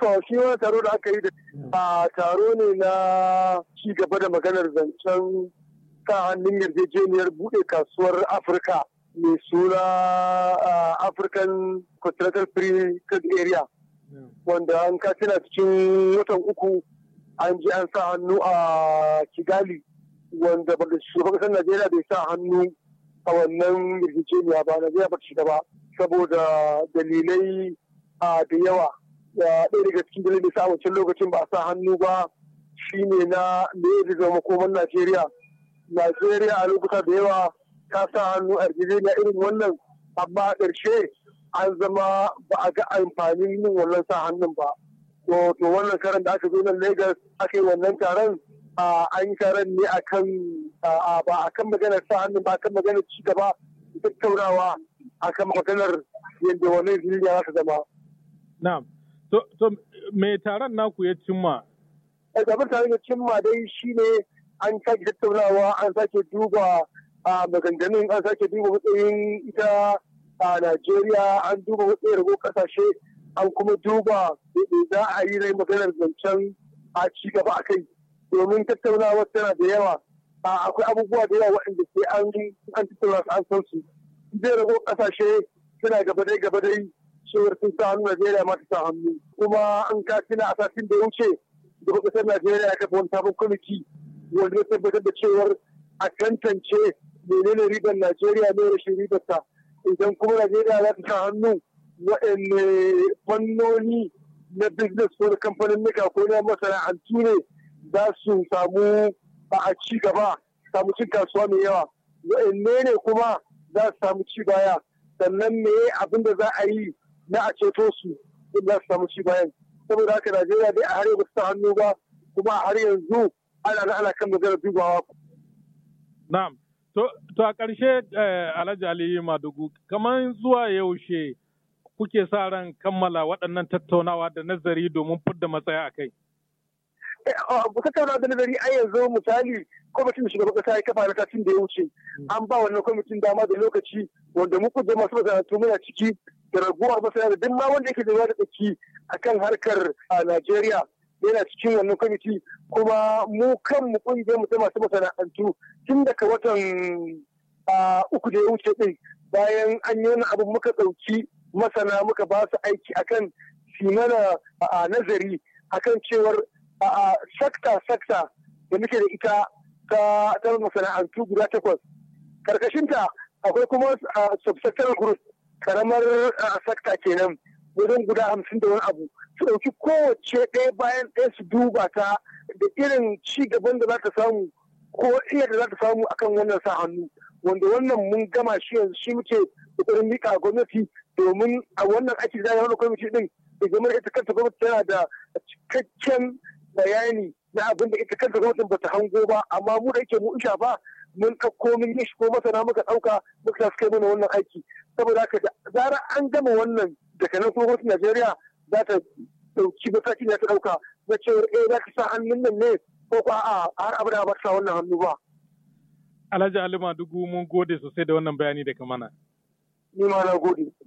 To shi wani taro da aka yi da a taro ne na ci gaba da maganar zancen sa hannun yarjejeniyar buɗe kasuwar Afirka mai suna African Continental Free Trade Area wanda an na cikin watan uku an ji an sa hannu a Kigali wanda shugaban kasar Najeriya bai sa hannu a wannan yarjejeniya ba Najeriya ba ta shiga saboda dalilai da yawa ɗaya daga cikin dalilin sa wancan lokacin ba a sa hannu ba shine na da ya zama makoman Najeriya. Najeriya a lokuta da yawa ta sa hannu a na irin wannan amma a ƙarshe an zama ba a ga amfanin yin wannan sa hannun ba. To wannan karan da aka zo nan Lagos aka yi wannan taron an yi taron ne akan ba kan maganar sa hannun ba akan maganar ci gaba tattaunawa akan maganar yadda wannan duniya za ta zama. Na'am. So, me taron naku ya cimma? Eh, abin taron ya cimma dai shi ne an sake tattaunawa an sake duba a maganganun an sake duba matsayin ita a Najeriya an duba matsayin rago kasashe an kuma duba za a yi rai maganar zancen a ci gaba a kai domin tattaunawa tana da yawa akwai abubuwa da yawa waɗanda sai an tattauna su an san su zai rago kasashe suna gaba dai gaba dai cewar sun sa Najeriya ma hannu kuma an ka tuna a satin da wuce da kasar Najeriya ya kafa wani sabon kwamiti wanda ya tabbatar da cewar a tantance menene ribar Najeriya ne rashin ribar idan kuma Najeriya za ta sa hannu waɗanne fannoni na business ko na kamfanin nika ko na masana'antu ne za su samu ba a ci gaba samu cin kasuwa mai yawa waɗanne ne kuma za su samu ci baya sannan me abin da za a yi na a ceto su in za su samu ci bayan saboda haka najeriya dai a har yanzu ta hannu ba kuma a har yanzu ana na ana kan maganar dubawa na'am to a ƙarshe eh, alhaji aliyu madugu kamar zuwa yaushe kuke sa ran kammala waɗannan tattaunawa da nazari domin fidda matsaya a kai eh, tattauna da nazari a yanzu misali kwamitin shugaban kasa ya kafa lokacin da ya wuce hmm. an ba wannan kwamitin dama da lokaci wanda mu da masu masana'antu muna ciki da raguwar masana da duk ma wanda yake da da tsaki akan harkar a Najeriya yana cikin wannan kwamiti kuma mu kan mu kungiyar mu ta masu masana'antu tun daga watan uku da ya wuce din bayan an yi wani abu muka ɗauki masana muka ba su aiki akan simana a nazari akan cewar a sakta sakta da muke da ita ta masana'antu guda takwas karkashinta akwai kuma subsectoral group karamar sakta kenan wajen guda hamsin da wani abu su ɗauki kowace ɗaya bayan ɗaya su duba ta da irin ci gaban da za ta samu ko iya da za ta samu akan wannan sa hannu wanda wannan mun gama shi yanzu shi muke kokarin mika gwamnati domin a wannan aiki yi wani kwamiti din da gwamnati ita kanta gwamnati tana da cikakken bayani da abin da ita kanta gwamnatin ba ta hango ba amma mu da yake mu isha ba mun ɗauko mun yi ko masana muka ɗauka muka sa suka mana wannan aiki saboda haka da an gama wannan daga nan kuma Najeriya za ta ɗauki matakin ya ta ɗauka na cewa eh za ka sa hannun nan ne ko ko a'a har abada ba sa wannan hannu ba. Alhaji Halima Dugu mun gode sosai da wannan bayani daga mana. Ni ma na gode.